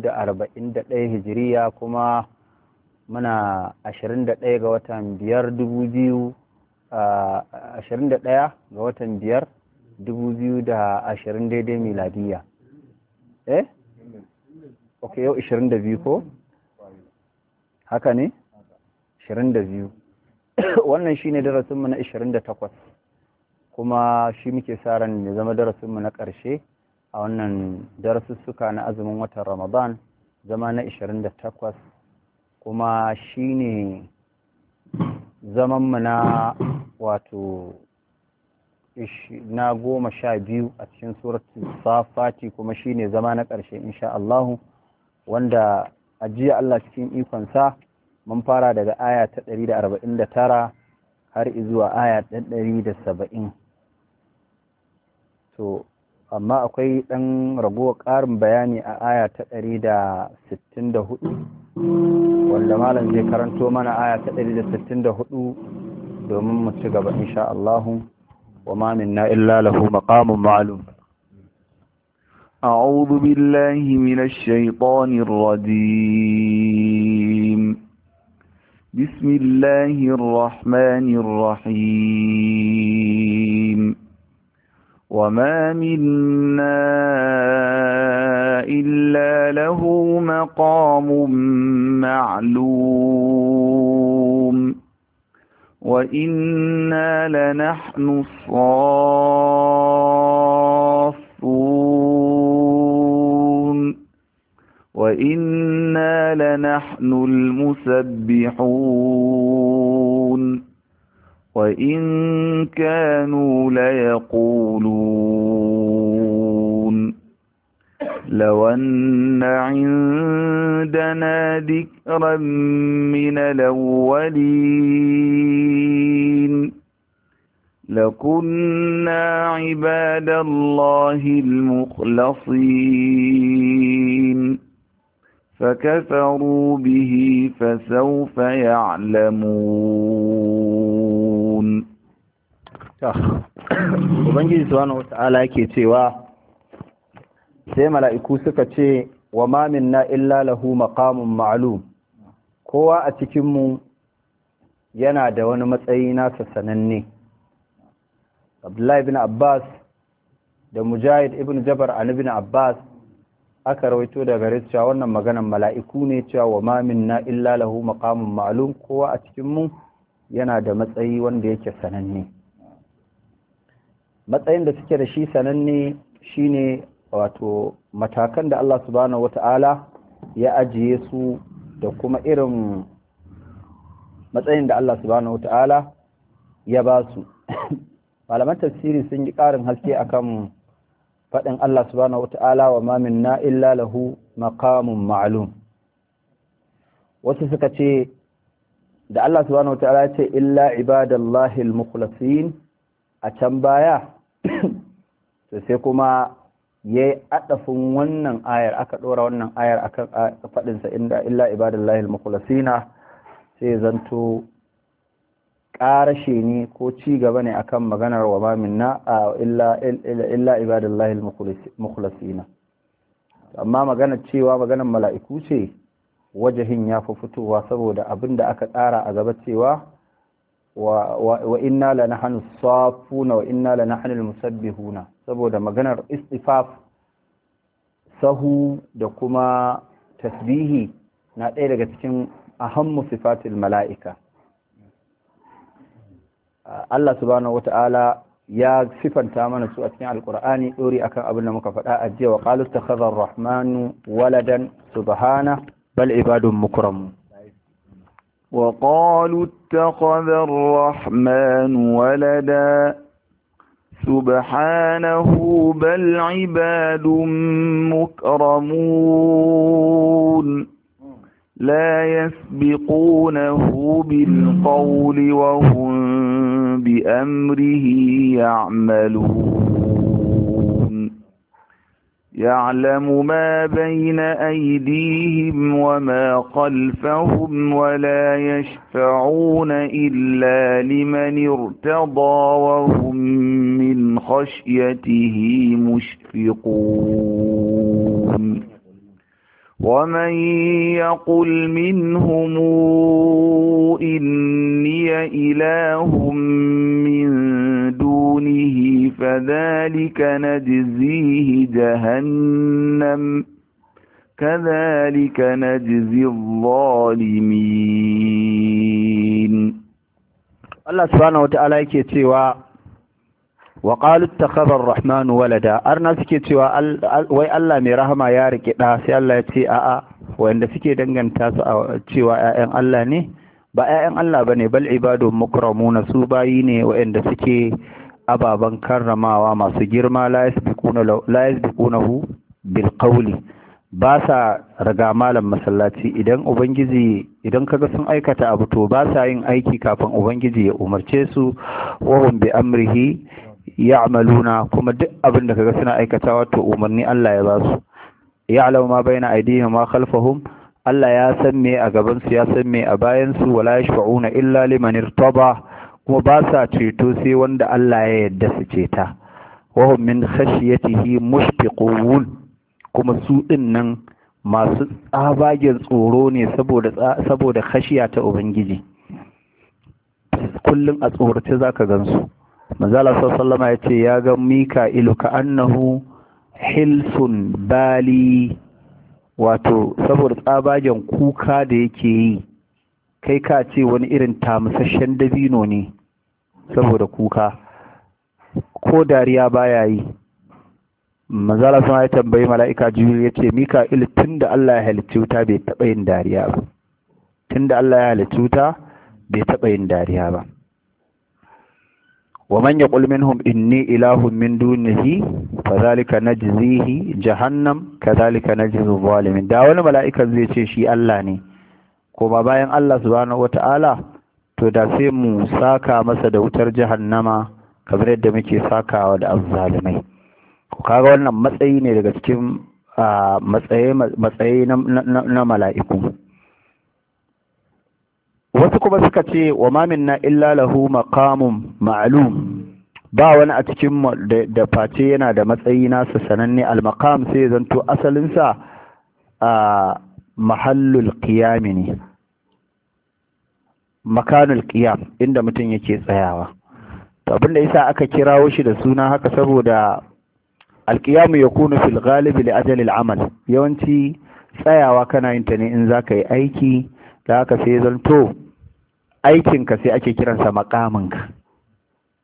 da arba'in da ɗaya hijiriya kuma muna ashirin da ɗaya ga watan biyar dubu biyu ashirin da ɗaya ga watan biyar dubu biyu da ashirin daidai miladiya eh ok yau ashirin da biyu ko haka ne ashirin da biyu wannan shi ne darasinmu na ashirin da takwas kuma shi muke sa ran ya zama darasinmu na ƙarshe a wannan darasussuka na azumin watan ramadan zama na 28 kuma shine zamanmu na wato na goma sha biyu a cikin suratul safati kuma shine zama na ƙarshe insha Allahu wanda ajiya Allah cikin ikonsa mun fara daga aya ta ɗari da tara har izuwa aya ta 170 to amma akwai dan ragowar karin bayani a aya ta 164 wanda malam zai karanto mana aya ta 164 domin mu ci gaba insha Allah wa ma minna illa lahu maqamun ma'lum a'udhu billahi minash shaitanir rajim بسم الله الرحمن الرحيم وما منا إلا له مقام معلوم وإنا لنحن الصافون وإنا لنحن المسبحون وإن كانوا ليقولون لو أن عندنا ذكرا من الأولين لكنا عباد الله المخلصين فكفروا به فسوف يعلمون ubangiji wata wata'ala yake cewa sai mala'iku suka ce wa mamin na illa lahu maqamun ma'alum kowa a cikinmu yana da wani matsayi nasa sananne Abdullahi bin Abbas da Mujahid ibn Jabar an bin Abbas aka rawaito daga ricca wannan maganan mala'iku ne cewa wa mamin na illa lahu maqamun ma'alum kowa a cikinmu yana da matsayi wanda yake sananne matsayin da suke da shi sananne shine wato matakan da Allah subhanahu wata'ala ya ajiye su da kuma irin matsayin da Allah subhanahu wata'ala ya ba su malaman tafsiri sun yi ƙarin haske akan faɗin Allah subhanahu wata'ala wa ma minna illa lahu maqamun ma'lum wasu suka ce da Allah subhanahu wata'ala ya ce illa ibadallahi al-mukhlasin a can baya to sai kuma ya yi adafin wannan ayar aka ɗora wannan ayar akan faɗinsa inda illa ibadallahi al-mukhlasina sai zanto ƙarashe ne ko ci gaba ne akan maganar wa ma minna illa illa al-mukhlasina amma maganar cewa maganar mala'iku ce wajahin ya fi fitowa saboda abin da aka tsara a gaba cewa wa inna la nahnu safuna wa inna la nahnu musabbihuna saboda maganar istifaf sahu da kuma tasbihi na ɗaya daga cikin ahammu sifatil mala'ika Allah subhanahu ya sifanta mana su a cikin alkur'ani ɗori akan abin da muka faɗa a jiya wa qalu takhadha ar-rahmanu waladan subhana bal ibadun mukramun وقالوا اتخذ الرحمن ولدا سبحانه بل عباد مكرمون لا يسبقونه بالقول وهم بأمره يعملون يعلم ما بين أيديهم وما خلفهم ولا يشفعون إلا لمن ارتضى وهم من خشيته مشفقون ومن يقل منهم إني إله كذلك نجزيه جهنم كذلك نجزي الظالمين الله سبحانه وتعالى yake cewa wa qalu ittakhadha ar-rahmanu walada arna suke cewa wai Allah mai rahama ya rike da sai Allah ya ce a'a wanda suke danganta su a cewa 'ya'yan Allah ne ba 'ya'yan Allah bane bal ibadu mukramuna su bayi ne wa'anda suke ababen karramawa masu girma la yasbiqunahu bil qawli ba sa raga malam masallaci idan ubangiji idan kaga sun aikata abu to ba sa yin aiki kafin ubangiji ya umarce su hum bi amrihi ya'maluna kuma duk abin da kaga suna aikata to umarni Allah ya basu, su ya'lamu ma baina aydihim ma khalfahum Allah ya san me a gaban su ya san me a bayan su wala yashfa'una illa liman irtaba kuma ba sa ceto sai wanda Allah ya yarda su ceta wahum min khashyatihi mushfiqun kuma su din nan masu tsabagen tsoro ne saboda saboda khashiya ta ubangiji kullum a tsorace zaka gansu manzala sallallahu ya ce ya ga Mika, ilu ka annahu hilsun bali wato saboda tsabagen kuka da yake yi kai ka ce wani irin tamusashen dabino ne saboda kuka ko dariya baya yi manzala sun ya tambayi mala'ika jibril ya ce mika'il tun da allah ya halicci wuta bai taɓa yin dariya ba tun da allah ya halicci wuta bai taɓa yin dariya ba wa manya yaqul minhum inni ilahun min dunihi na jizihi jahannam kadhalika na jizu dhalimin da wani mala’ikan zai ce shi allah ne ko ba bayan allah subhanahu ta'ala? to da sai mu saka masa da wutar jahannama kamar yadda muke sakawa da azzalumai ko kaga wannan matsayi ne daga cikin matsayi na mala'iku wasu kuma suka ce wa mamin na illa lahu maqamun ma'lum ba wani a cikin da face yana da matsayi nasa sananne almaqam sai zanto asalinsa a mahallul qiyami ne makanul qiyam inda mutum yake tsayawa to abin da yasa aka kirawo shi da suna haka saboda alqiyamu yakunu fil ghalib li ajali al amal yawanci tsayawa kana yin ta ne in zaka yi aiki da haka sai zanto aikin ka sai ake kiransa makamin ka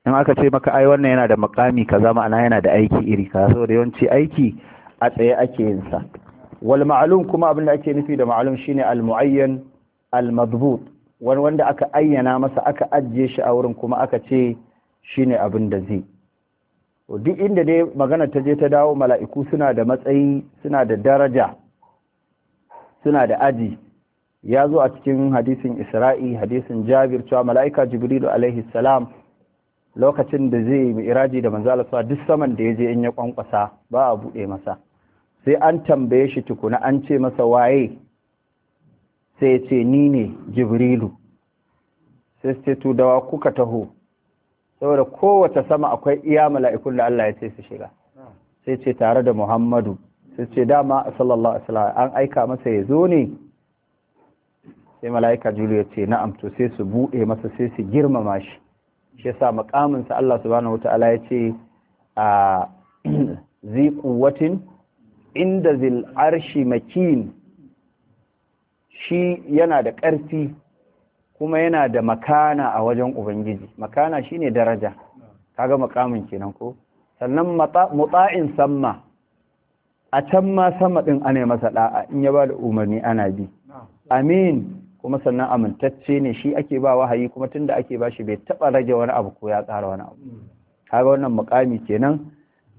in aka ce maka ai wannan yana da makami kaza ma'ana yana da aiki iri kaza saboda yawanci aiki a tsaye ake yin sa wal ma'lum kuma abin da ake nufi da ma'lum shine al muayyan al madbut wani wanda aka ayyana masa aka ajiye shi a wurin kuma aka ce shine abin da zai duk inda dai magana ta je ta dawo mala'iku suna da matsayi suna da daraja suna da aji ya zo a cikin hadisin isra'i hadisin jabir cewa mala'ika jibrilu alaihi salam lokacin da zai yi iraji da maza duk saman da ya je in ya kwankwasa ba a buɗe masa sai an tambaye shi tukuna an ce masa waye sai ya ce ni ne jibrilu sai ce dawa kuka taho saboda kowace sama akwai iya mala'ikun da Allah ya ce su shiga sai ce tare da Muhammadu sai ce dama sallallahu alaihi an aika masa ya zo ne sai mala'ika julu ya ce na'am to sai su buɗe masa sai su girmama shi shi yasa makamin Allah subhanahu wataala ya ce a zi inda zil arshi makin shi yana da ƙarfi kuma yana da makana a wajen ubangiji makana shi ne daraja kaga makamun kenan ko sannan mutsa'in samma a can ma sama ɗin ana masa ɗa'a in ya ba da umarni ana bi amin kuma sannan amintacce ne shi ake ba wahayi kuma tun tunda ake ba shi bai taɓa rage wani abu ko ya ƙara wani abu kaga wannan mukami kenan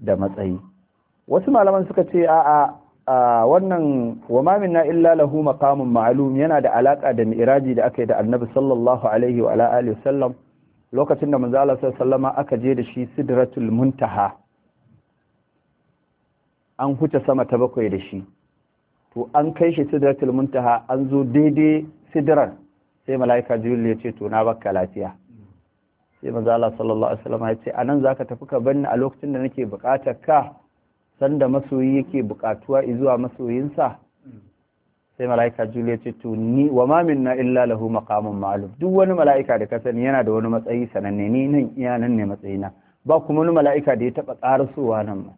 da matsayi wasu malaman suka ce a'a wannan wa ma minna illa lahu maqamun ma'lum yana da alaka da mi'raji da aka yi da annabi sallallahu alaihi wa ala alihi wasallam lokacin da manzo sallama aka je da shi sidratul muntaha an huce sama ta bakwai da shi to an kai shi sidratul muntaha an zo daidai sidran sai mala'ika jibril ya ce to na baka lafiya sai manzo sallallahu alaihi wa sallama ya ce anan zaka tafi ka banni a lokacin da nake bukatar ka sanda masoyi yake bukatuwa zuwa masoyinsa sai mala'ika juliya ce to wa ma minna illa lahu maqamun ma'lum duk wani mala'ika da ka sani yana da wani matsayi sananne ni nan iya nan ne matsayina ba kuma wani mala'ika da ya taba karasowa nan ma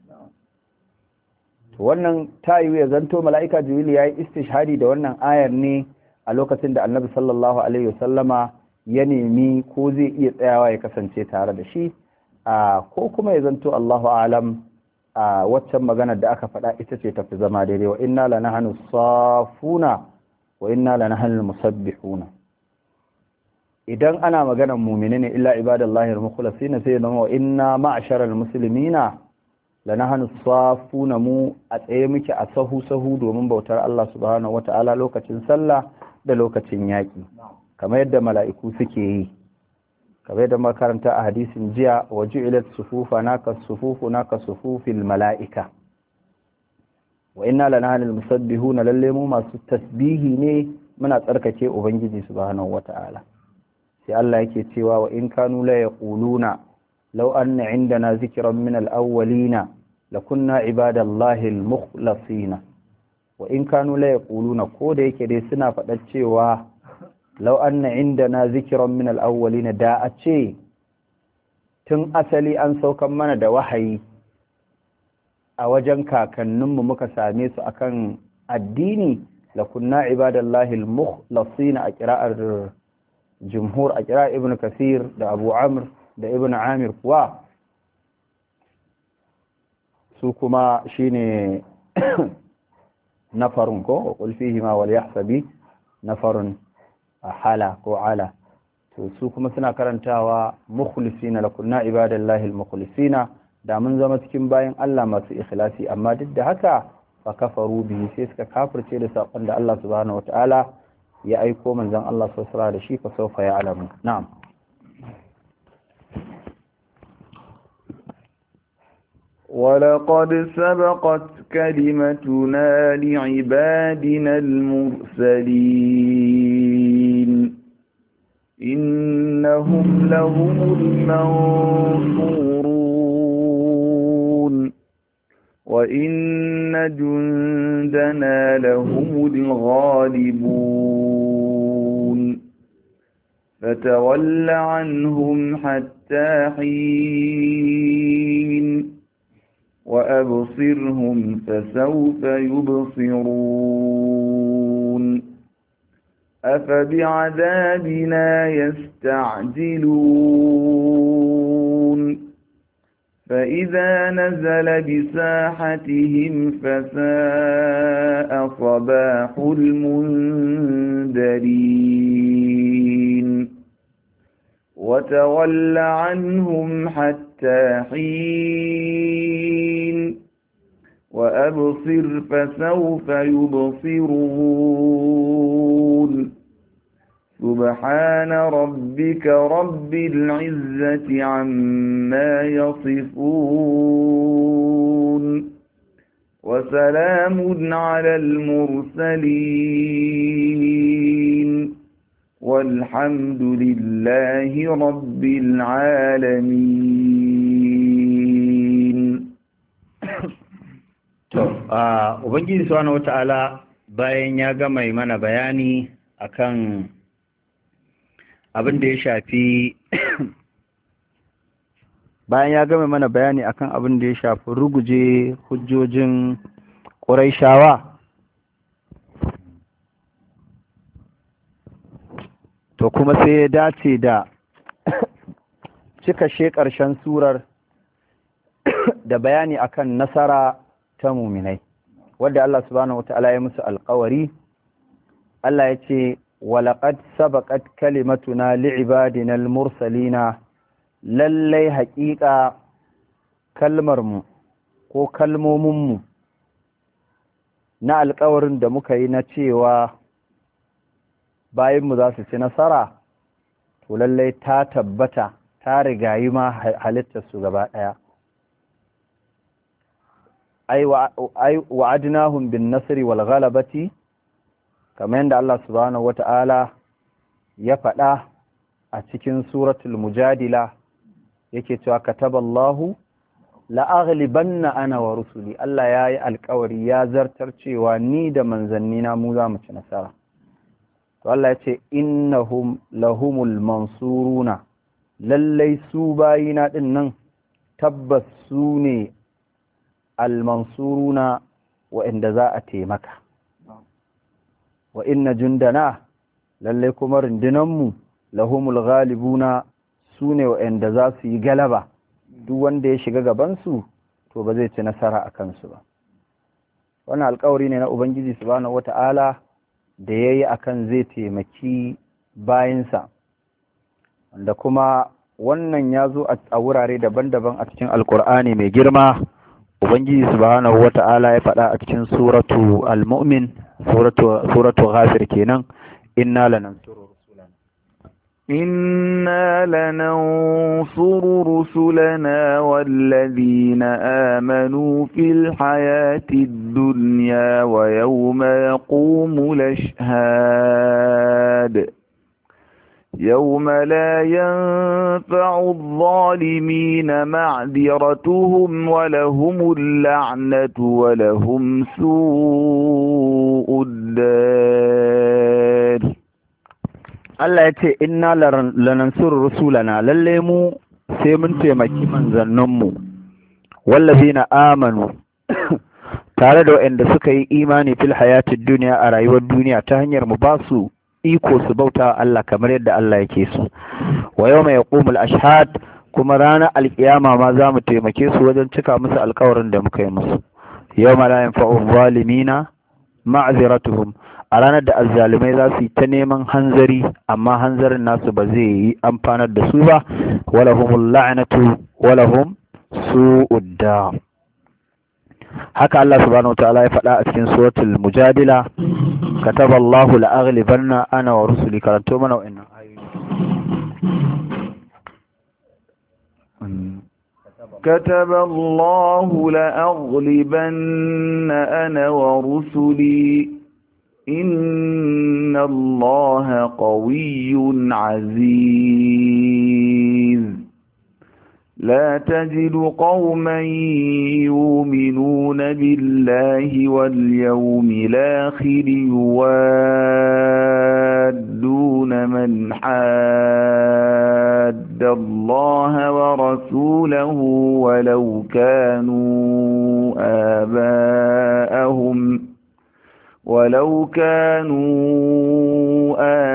to wannan ta yi ya zanto mala'ika juliya ya istishhadi da wannan ayar ne a lokacin da annabi sallallahu alaihi wasallama ya nemi ko zai iya tsayawa ya kasance tare da shi ko kuma ya zanto Allahu alam a waccan maganar da aka faɗa ita ce tafi zama daidai wa inna la nahnu safuna wa inna la nahnu musabbihuna idan ana maganar mu'mini ne illa ibadallahi al-mukhlasin sai ya zama wa inna ma'sharal muslimina la nahnu safuna mu a tsaye muke a sahu sahu domin bautar Allah subhanahu wata'ala lokacin sallah da lokacin yaki kamar yadda mala'iku suke yi kabe da makaranta a hadisin jiya wa ju'ilat sufufa naka sufufu naka sufufil mala'ika wa inna musabbihu na lalle mu masu tasbihi ne muna tsarkake ubangiji subhanahu wata'ala sai Allah yake cewa wa in kanu la yaquluna law anna indana zikran min al-awwalina lakunna ibadallahi al-mukhlasina wa in kanu la yaquluna ko da yake dai suna faɗa cewa lau inda na zikiran min awwali na da a ce tun asali an saukan mana da wahayi a wajen kakanninmu muka same su akan addini kunna ibadallahi al-mukhlasin a kira'ar jimhur a kira'ar ibn kasir da abu amr da ibn amir kuwa su kuma shine farin ko wa qul ma wal yahsabi farin. hala ko ala to su kuma suna karantawa mukhlisina lakum na ibadallahi almukhlisina da mun zama cikin bayan Allah masu ikhlasi amma duk da haka fa kafaru biyu sai suka kafirce da sakon da Allah subhanahu wataala ya aiko manzon Allah sallallahu alaihi da shi fa sawfa ya'lamu na'am ولقد سبقت كلمتنا لعبادنا المرسلين إنهم لهم المنصورون وإن جندنا لهم الغالبون فتول عنهم حتى حين وأبصرهم فسوف يبصرون أفبعذابنا يستعجلون فإذا نزل بساحتهم فساء صباح المنذرين وتول عنهم حتى حين وأبصر فسوف يبصرون سبحان ربك رب العزة عما يصفون وسلام على المرسلين والحمد لله رب العالمين Ubangiji سبحانه وتعالى باين يا جمعي gama بياني akan abin da ya shafi bayan ya gama mana bayani akan abin da ya shafi ruguje hujjojin ƙuraishawa to kuma sai ya dace da cika she ƙarshen surar da bayani akan nasara ta muminai wadda Allah subhanahu ta'ala ya musu alƙawari Allah ya ce walaƙad sabaƙat kalimatuna li'ibadina mursalina lallai haƙiƙa kalmarmu ko kalmominmu na alƙawarin da muka yi na cewa bayanmu za su ci nasara to lallai ta tabbata ta rigayi ma halittarsu gaba ɗaya ai wa'adnahum bin nasri wal ghalabati kamar yadda Allah subhanahu wata'ala ya faɗa a cikin suratul mujadila yake cewa kataballahu la'aghlibanna ana wa rusuli Allah yayi alƙawari ya zartar cewa ni da manzanni na mu za mu ci nasara to Allah yace innahum lahumul mansuruna lallai su bayina din nan tabbas su ne al mansuruna inda za a taimaka wa inna jundana lalle kuma rundunanmu lahumul ghalibuna su ne wa'anda za su yi galaba duk wanda ya shiga gabansu to ba zai ci nasara a kansu ba wannan alkawari ne na ubangiji subhanahu wata'ala da ya yi akan zai taimaki bayansa wanda kuma wannan ya zo a wurare daban-daban a cikin alkur'ani mai girma ubangiji subhanahu wata'ala ya faɗa a cikin suratu al-mu'min سورة سورة غافر كينان إنا لننصر رسلنا إنا لننصر رسلنا والذين آمنوا في الحياة الدنيا ويوم يقوم الأشهاد يوم لا ينفع الظالمين معذرتهم ولهم اللعنة ولهم سوء الدار Allah ya ce inna lanansur rusulana lalle mu sai mun taimaki manzanninmu na amanu tare da waɗanda suka yi imani fil hayatid duniya a rayuwar duniya ta hanyar mu basu iko su bauta wa Allah kamar yadda Allah yake su wa yawma yaqumul ashhad kuma ranar alkiyama ma za mu taimake su wajen cika musu alkawarin da muka yi musu yawma la yanfa'u zalimina ma'ziratuhum a ranar da azzalumai za su yi ta neman hanzari amma hanzarin nasu ba zai yi amfanar da su ba walahumul la'natu walahum su'udda haka Allah subhanahu wa ta'ala ya faɗa a cikin suratul mujadila كتب الله لأغلبن أنا ورسلي كرنتو وإنا كتب الله لأغلبن أنا ورسلي إن الله قوي عزيز لا تجد قوما يؤمنون بالله واليوم الآخر يوادون من حاد الله ورسوله ولو كانوا آباءهم ولو كانوا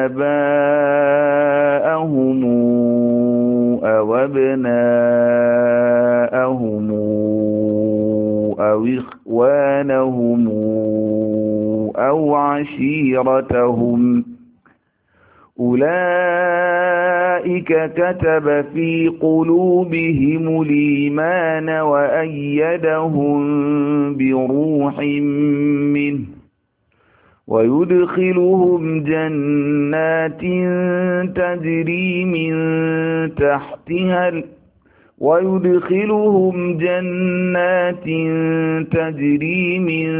آباءهم وابناءهم أو إخوانهم أو عشيرتهم أولئك كتب في قلوبهم الإيمان وأيدهم بروح منه ويدخلهم جنات تجري من تحتها ويدخلهم جنات تجري من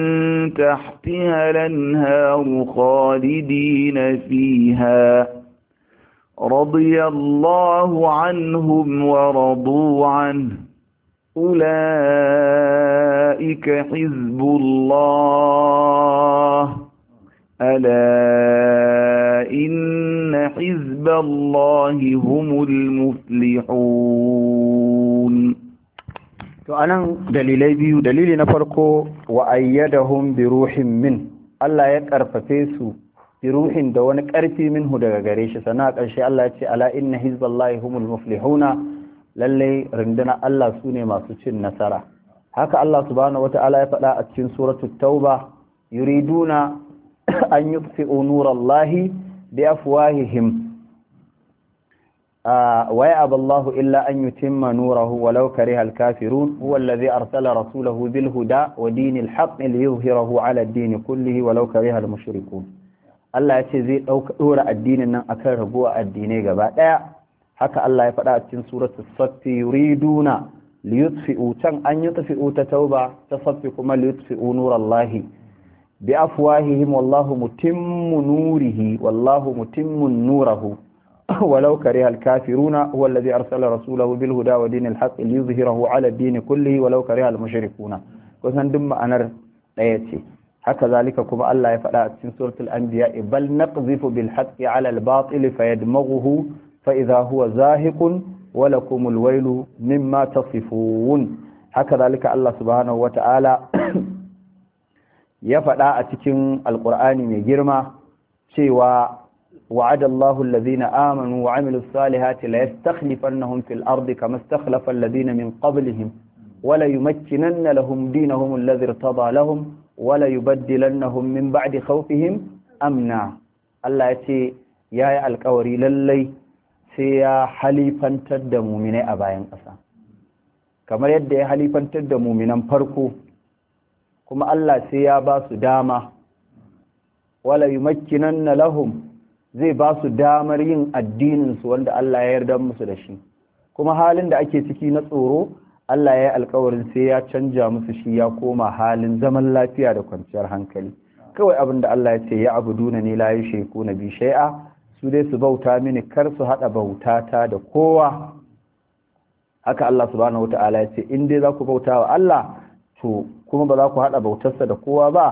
تحتها الانهار خالدين فيها رضي الله عنهم ورضوا عنه أولئك حزب الله ألا إن حزب الله هم المفلحون to anan dalilai biyu dalili na farko wa ayyadahum bi ruhin min Allah ya karfafe su bi ruhin da wani karfi minhu daga gare shi sana karshe Allah ya ce ala inna hizballahi humul muflihuna lalle rundunar Allah su ne masu cin nasara haka Allah subhanahu wata'ala ya faɗa a cikin suratul tauba yuriduna an yubti'u nurallahi bi afwahihim ah, wa aballahu Allahu illa an yutimma nurahu walau karihal kafirun huwa alladhi arsala rasulahu bil huda wa dinil haqq liyuzhirahu 'ala ad-din kullihi walau karihal mushrikun Allah ya ce zai dauka dora addinin nan akan rabuwa addinai gaba daya haka Allah ya faɗa a cikin suratul saffi yuriduna liyutfi'u tan an yutfi'u ta tauba ta saffi kuma liyutfi'u nurallahi bi afwahihim wallahu mutimmu nurihi wallahu mutimmu nurahu ولو كره الكافرون هو الذي أرسل رسوله بالهدى ودين الحق ليظهره على الدين كله ولو كره المشركون kusan duk ma'anar ɗaya ce haka zalika kuma Allah ya faɗa a cikin suratul anbiya bal naqzifu bil haqqi ala al batil fayadmaghuhu fa idha huwa zahiqun wa lakum al waylu mimma tasifun haka zalika Allah subhanahu wa ta'ala ya faɗa a cikin alƙur'ani mai girma cewa وعد الله الذين آمنوا وعملوا الصالحات ليستخلفنهم في الأرض كما استخلف الذين من قبلهم وليمكنن لهم دينهم الذي ارتضى لهم وليبدلنهم من بعد خوفهم أمنا الله يتي يا الكوري للي سيا حليفا تدموا من أباين أسا كما يدي حليفا تدموا من أنفركوا kuma Allah sai ya ba su dama wala na lahum zai ba su damar yin addininsu wanda Allah ya yarda musu da shi kuma halin da ake ciki na tsoro Allah ya yi alkawarin sai ya canja musu shi ya koma halin zaman lafiya da kwanciyar hankali kawai abin da Allah ya ce ya na ne la sheku na bi shai'a su dai su bauta mini kar su haɗa bautata da kowa haka Allah subhanahu wataala ya ce in dai za ku bauta wa Allah to kuma ba za ku haɗa bautarsa da kowa ba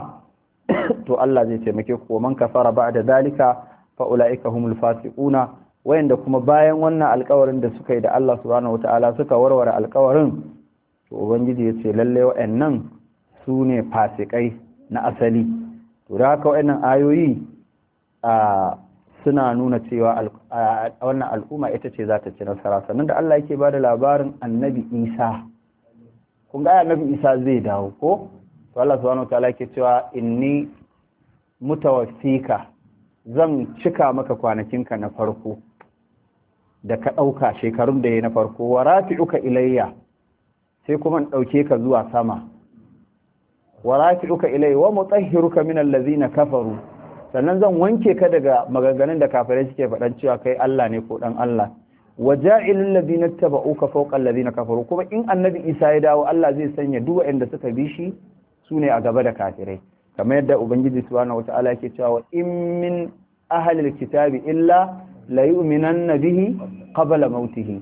to Allah zai taimake ku man kafara ba'da zalika fa ulaika humul fasiquna wayanda kuma bayan wannan alƙawarin da suka yi da Allah subhanahu wataala suka warware alƙawarin to ubangiji ya ce lalle wayannan su ne fasikai na asali to da haka wayannan ayoyi a suna nuna cewa wannan al'umma ita ce za ta ci nasara sannan da Allah yake ba da labarin annabi Isa kun ga annabi Isa zai dawo ko to Allah subhanahu wataala yake cewa inni mutawaffika zan cika maka kwanakinka na farko da ka ɗauka shekarun da ya na farko wa rafi'uka ilayya sai kuma in ɗauke ka zuwa sama wa rafi'uka ilayya wa mutahhiruka min allazina kafaru sannan zan wanke ka daga maganganun da kafirai suke faɗan cewa kai Allah ne ko dan Allah wa ja'ilul ladina tabauka fawqa alladhina kafaru kuma in annabi Isa ya dawo Allah zai sanya duk inda suka bi shi sune a gaba da kafirai kamar yadda ubangiji subhanahu wataala yake cewa in min ahlil kitabi illa la yu'minanna bihi qabla mautihi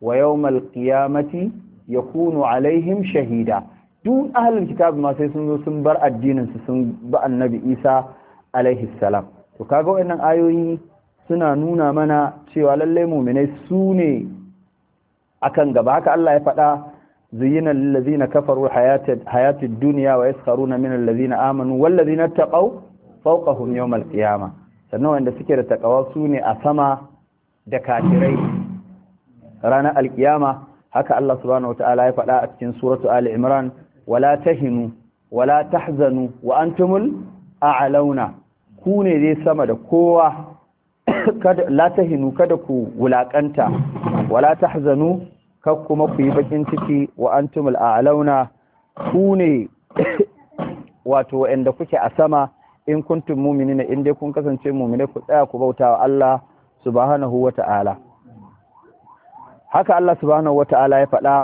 wa yawmal qiyamati yakunu alaihim shahida duk ahlul kitabi ma sai sun zo sun bar addinin su sun ba annabi Isa alaihi salam to kaga waɗannan ayoyi suna nuna mana cewa lallai muminai su ne akan gaba haka Allah ya faɗa zuyina na kafaru hayatid dunya wa yaskharuna min na amanu wallazina taqaw fawqahum yawmal qiyama sannan wanda suke da takawa su ne a sama da kafirai ranar alkiyama haka Allah subhanahu wataala ya faɗa a cikin suratu ali imran wala tahinu wala tahzanu wa antumul a'launa ku ne dai sama da kowa kada la kada ku wulakanta wala tahzanu kar kuma ku yi bakin ciki wa a a'launa ku ne wato inda kuke a sama in kuntun mu'minina in kun kasance mu'mine ku tsaya ku bautawa Allah subhanahu wata'ala haka Allah subhanahu wata'ala ya faɗa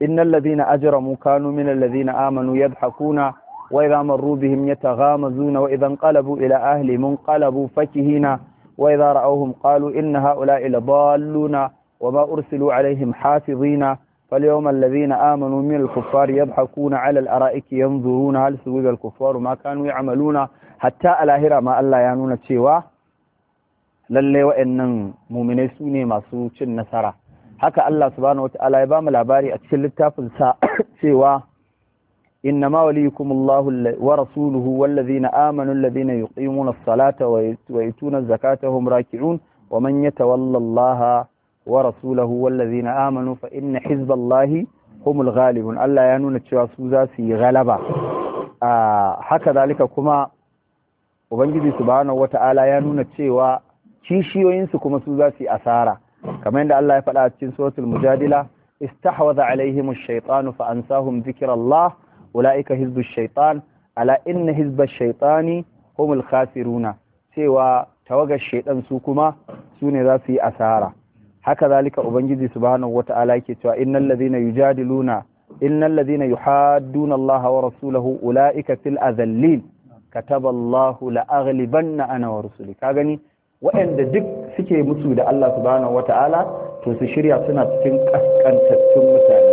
innal ladhina ajramu kanu minal ladhina amanu yadhakuna wa idha marru bihim yataghamazuna wa idha inqalabu ila ahlihim inqalabu fakihina وإذا رأوهم قالوا إن هؤلاء لضالون وما أرسلوا عليهم حافظين فاليوم الذين آمنوا من الكفار يضحكون على الأرائك ينظرون هل سويب الكفار ما كانوا يعملون حتى الآهرة ما الله يانون تشيوا للي وإن مؤمنين سوني ما سوچ النسرة haka Allah subhanahu wataala ya bamu labari a cikin littafin sa cewa إنما وليكم الله ورسوله والذين آمنوا الذين يقيمون الصلاة ويؤتون الزكاة هم راكعون ومن يتولى الله ورسوله والذين آمنوا فإن حزب الله هم الغالبون ألا ينون تشواسوزا في غلبة haka zalika kuma ubangiji subhanahu wata'ala ya nuna cewa kishiyoyinsu kuma su za su asara kamar yadda Allah ya faɗa a cikin suratul mujadila istahwadha alaihim ash-shaytanu fa ansahum dhikrallah ula'ika hizbus shaitan ala inna hizbus shaitani humul khasiruna cewa tawagar shaidan su kuma su ne za su yi asara haka zalika ubangiji subhanahu wata'ala yake cewa innal ladhina yujadiluna innal ladhina yuhadduna allaha wa rasulahu ula'ika fil azallin kataba allahu la aghlibanna ana wa rusuli ka gani waɗanda duk suke musu da Allah subhanahu wata'ala to su shirya suna cikin kaskantattun mutane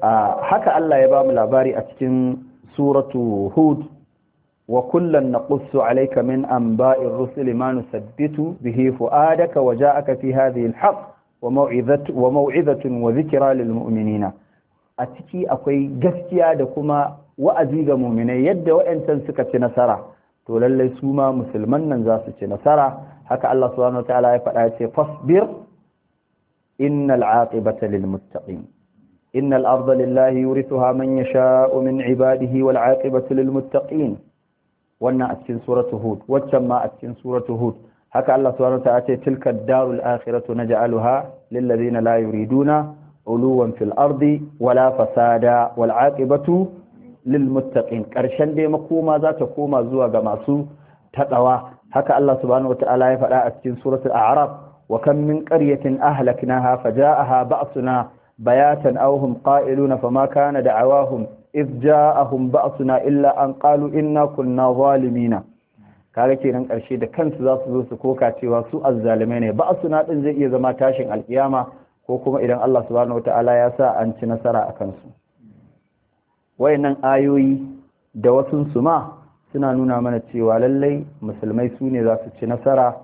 haka Allah ya ba mu labari a cikin suratu hud wa kullan naqussu alayka min anba'ir rusuli ma nusabbitu bihi fu'adaka wa ja'aka fi hadhihi al-haqq wa maw'izatun wa dhikra lil mu'minina a ciki akwai gaskiya da kuma wa'azi ga mu'minai yadda wa'ancan suka ci nasara to lallai su ma musulman nan za su ci nasara haka Allah subhanahu wa ta'ala ya faɗa ya ce fasbir innal aqibata lil muttaqin إن الأرض لله يورثها من يشاء من عباده والعاقبة للمتقين وانا أتين سورة هود واتشما أتين سورة هود هكا الله سبحانه وتعالى تلك الدار الآخرة نجعلها للذين لا يريدون علوا في الأرض ولا فسادا والعاقبة للمتقين كرشن دي مقوما ذات قوما زوا جماسو تقوى هكا الله سبحانه وتعالى فلا أتين سورة الأعراف وكم من قرية أهلكناها فجاءها بأسنا bayatan awhum qa'iluna fama kana da'awahum iz ja'ahum ba'suna illa an qalu inna kunna zalimina kaga kenan karshe da kansu za su zo su koka cewa su azzalimai ne ba'suna din zai iya zama tashin alkiyama ko kuma idan Allah subhanahu wata'ala ya sa an ci nasara a kansu wayannan ayoyi da wasu suma suna nuna mana cewa lallai musulmai su ne za su ci nasara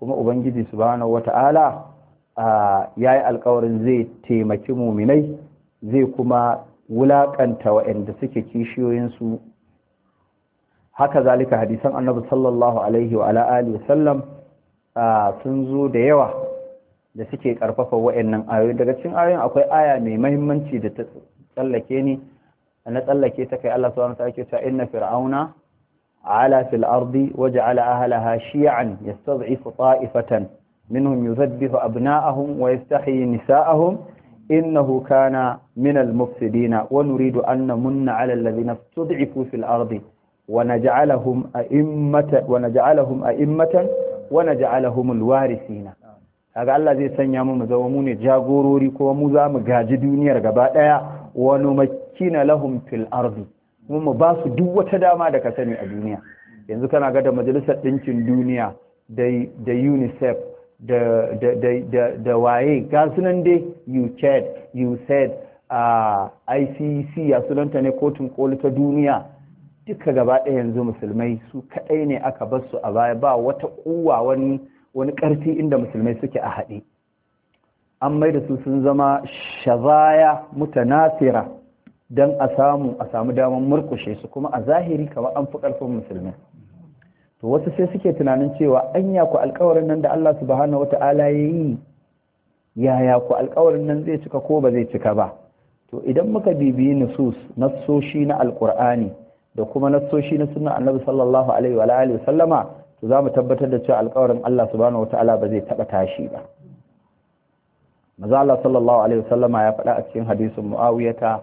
kuma ubangiji subhanahu wata'ala ya yi alkawarin zai taimaki muminai zai kuma wulaƙanta waɗanda suke kishiyoyinsu haka zalika hadisan annabi sallallahu alaihi wa sun zo da yawa da suke karfafa waɗannan ayoyi daga cikin ayoyin akwai aya mai mahimmanci da ta tsallake ni na tsallake ta kai Allah subhanahu wa ta'ala inna fir'auna ala fil ardi waja'ala ahlaha shi'an yastad'ifu ta'ifatan منهم يذبح أبناءهم ويستحيي نساءهم إنه كان من المفسدين ونريد أن نمن على الذين استضعفوا في الأرض ونجعلهم أئمة ونجعلهم أئمة ونجعلهم الوارثين kaga Allah zai sanya mu zama mu ne jagorori kuma mu za mu gaji duniyar gaba daya wa numakkina lahum fil ardi mu mu ba su duk wata dama da ka sani a duniya yanzu kana ga da majalisar ɗinkin duniya da UNICEF da waye ga sunan dai you USED a ICC e ya sunanta ne kotun koli ta duniya duka gaba ɗaya yanzu musulmai su kaɗai ne aka bar su a baya ba wata kuwa wani wani ƙarfi inda musulmai suke a haɗe an mai da su sun zama shazaya mutanasira don a samu a samu damar murkushe su kuma a zahiri kamar an fi ƙarfin musulmai to wasu sai suke tunanin cewa anya ku alƙawarin nan da Allah subhanahu wata'ala ya yi yaya ku alƙawarin nan zai cika ko ba zai cika ba to idan muka bibiyi nusus nassoshi na alƙur'ani da kuma nassoshi na sunna annabi sallallahu alaihi wa alihi sallama to zamu tabbatar da cewa alƙawarin Allah subhanahu wata'ala ba zai taɓa tashi ba maza sallallahu alaihi wa sallama ya faɗa a cikin hadisin muawiyata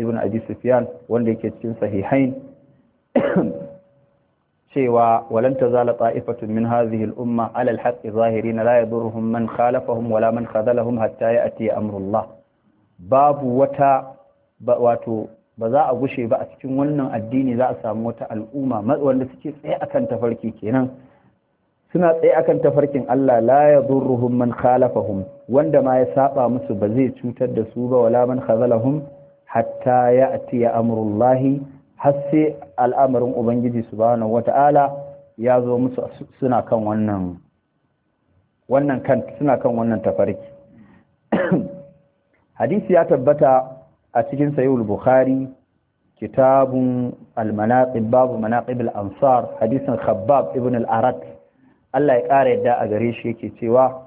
ibn abi sufyan wanda yake cikin sahihain cewa walan tazala ta'ifatun min hadhihi al-umma 'ala al-haqqi zahirin la yadurruhum man khalafahum wala man khadalahum hatta ya'ti amrullah babu wata wato ba za a gushe ba a cikin wannan addini za a samu wata al'umma wanda suke tsaye akan tafarki kenan suna tsaye akan tafarkin Allah la yadurruhum man khalafahum wanda ma ya saba musu ba zai cutar da su ba wala man khazalahum hatta ya'ti amrullahi har sai al'amarin ubangiji subhanahu wata'ala ya zo musu suna kan wannan wannan kan suna kan wannan tafarki hadisi ya tabbata a cikin sahihul bukhari kitabun babu manaqib al-ansar hadisin khabbab ibn al-arat Allah ya ƙara yadda a gare shi yake cewa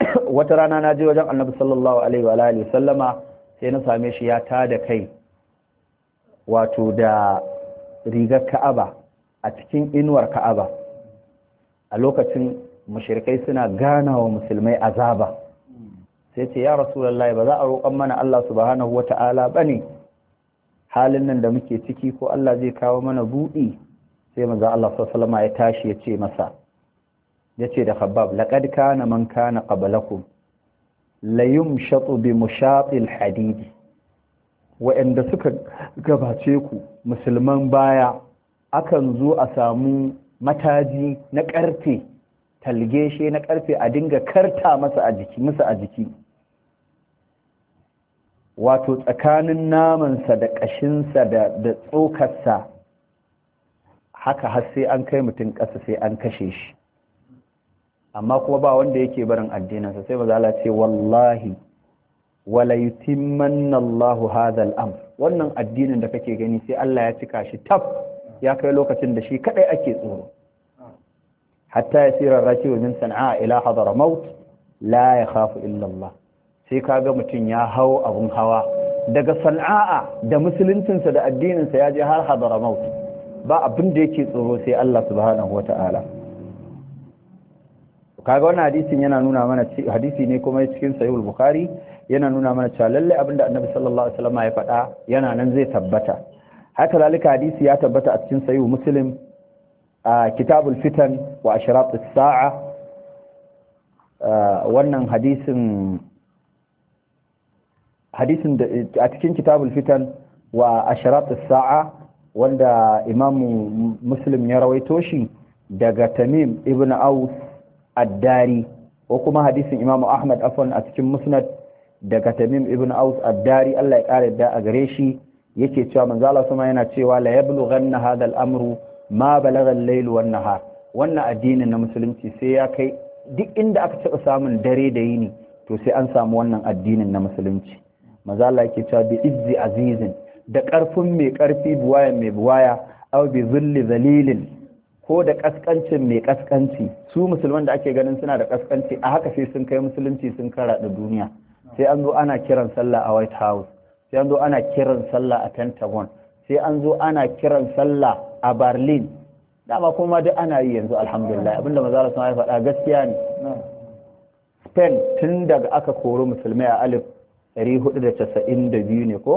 wata rana na je wajen annabi sallallahu alaihi wa alihi sallama sai na same shi ya tada kai wato da rigar ka'aba a cikin inuwar ka'aba a lokacin mashirkai suna gana wa musulmai azaba sai ce ya rasulallah ba za a roƙon mana Allah subhanahu wata'ala ba ne halin nan da muke ciki ko Allah zai kawo mana buɗi sai maza Allah sallama ya tashi ya ce masa ya ce da khabbab laƙad kana man kana qablakum la yumshatu bi mushatil hadidi waɗanda suka gabace ku musulman baya akan zo a samu mataji na ƙarfe talgeshe na ƙarfe a dinga karta masa a jiki wato tsakanin namansa da ƙashinsa da tsokarsa haka har sai an kai mutum ƙasa sai an kashe shi amma kuma ba wanda yake barin addinansa, sai maza ce wallahi Walaitin yutimmanna hadha wannan addinin da kake gani sai Allah ya cika shi taf ya kai lokacin da shi kadai ake tsoro hatta yasira rakibu min sana'a ila maut la yakhafu illa Allah sai kaga mutum ya hau abun hawa daga sana'a da musuluncinsa da addininsa ya je har maut ba abin da yake tsoro sai Allah subhanahu wata'ala kaga wannan hadisin yana nuna mana hadisi ne kuma cikin sahihul bukhari yana nuna mana cewa lalle abinda annabi sallallahu alaihi wasallam ya faɗa yana nan zai tabbata haka lalika hadisi ya tabbata a cikin sahihu muslim a kitabul fitan wa ashrat saa wannan hadisin hadisin da a cikin kitabul fitan wa ashrat saa wanda imamu muslim ya rawaito shi daga tamim ibn aus addari ko kuma hadisin imamu ahmad afon a cikin musnad daga tamim ibn aus addari allah ya kara yadda a gare shi yake cewa manzo Allah sama yana cewa la yablughanna hadha al-amru ma balagha al-layl wan nahar wannan addinin na musulunci sai ya kai duk inda aka taɓa samun dare da yini to sai an samu wannan addinin na musulunci manzo Allah yake cewa bi izzi azizin da ƙarfin mai ƙarfi buwaya mai buwaya aw bi zulli zalilin ko da kaskancin mai kaskanci su musulman da ake ganin suna da kaskanci a haka sai sun kai musulunci sun kara da duniya sai an zo ana kiran sallah a white house sai an zo ana kiran sallah a pentagon sai an zo ana kiran sallah a berlin dama kuma duk ana yi yanzu alhamdulillah abinda mazara sun haifa faɗa gaskiya ne spain tun daga aka kori musulmai a alif 492 ne ko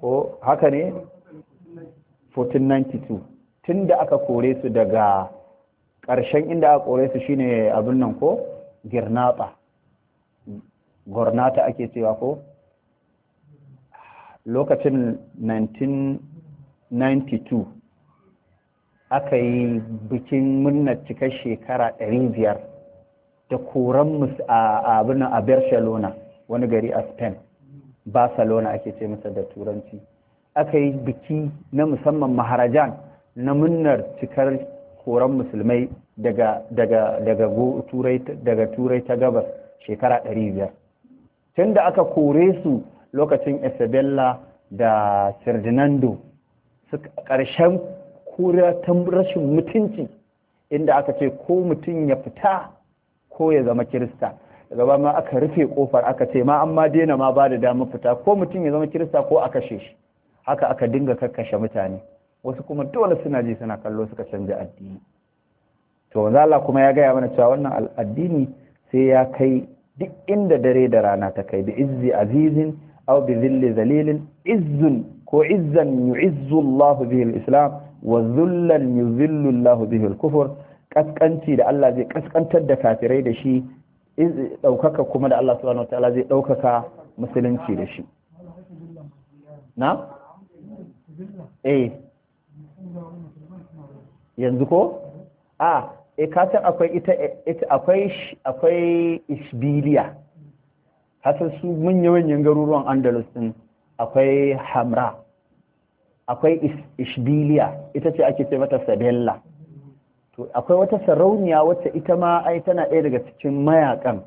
ko haka ne 1492 tun da aka kore su daga ƙarshen inda aka kore su shine abin nan ko girnata gornata ake cewa ko lokacin 1992 aka yi bikin murnar cikar shekara 500 da koran abin a barcelona wani gari a spain barcelona ake ce masa da turanci aka yi biki na musamman maharajan na munnar cikar koran musulmai daga turai daga turai ta gabas shekara 500 tun da aka kore su lokacin isabella da ferdinando ƙarshen kura ta rashin mutunci inda aka ce ko mutum ya fita ko ya zama kirista gaba ma aka rufe kofar aka ce ma an ma daina ma ba da damar fita ko mutum ya zama kirista ko a kashe shi haka aka dinga kakkashe mutane wasu kuma dole suna ji suna kallo suka canja addini to zala kuma ya gaya mana cewa wannan addini sai ya kai duk inda dare da rana ta kai bi izzi azizin aw bi zilli zalilin izzun ko izzan yu'izzu Allah bihi al-islam wa dhullan yuzillu Allah bihi al-kufr kaskanci da Allah zai kaskantar da kafirai da shi ɗaukaka kuma da Allah subhanahu wataala zai ɗaukaka musulunci da shi na eh yanzu ko a e eh, kasan akwai ita ita eh, akwai akwai isbiliya hasan su manyan garuruwan andalus din akwai hamra akwai isbiliya ita ce ake ce mata sabella to akwai wata sarauniya wacce ita ma ai tana ɗaya daga cikin mayakan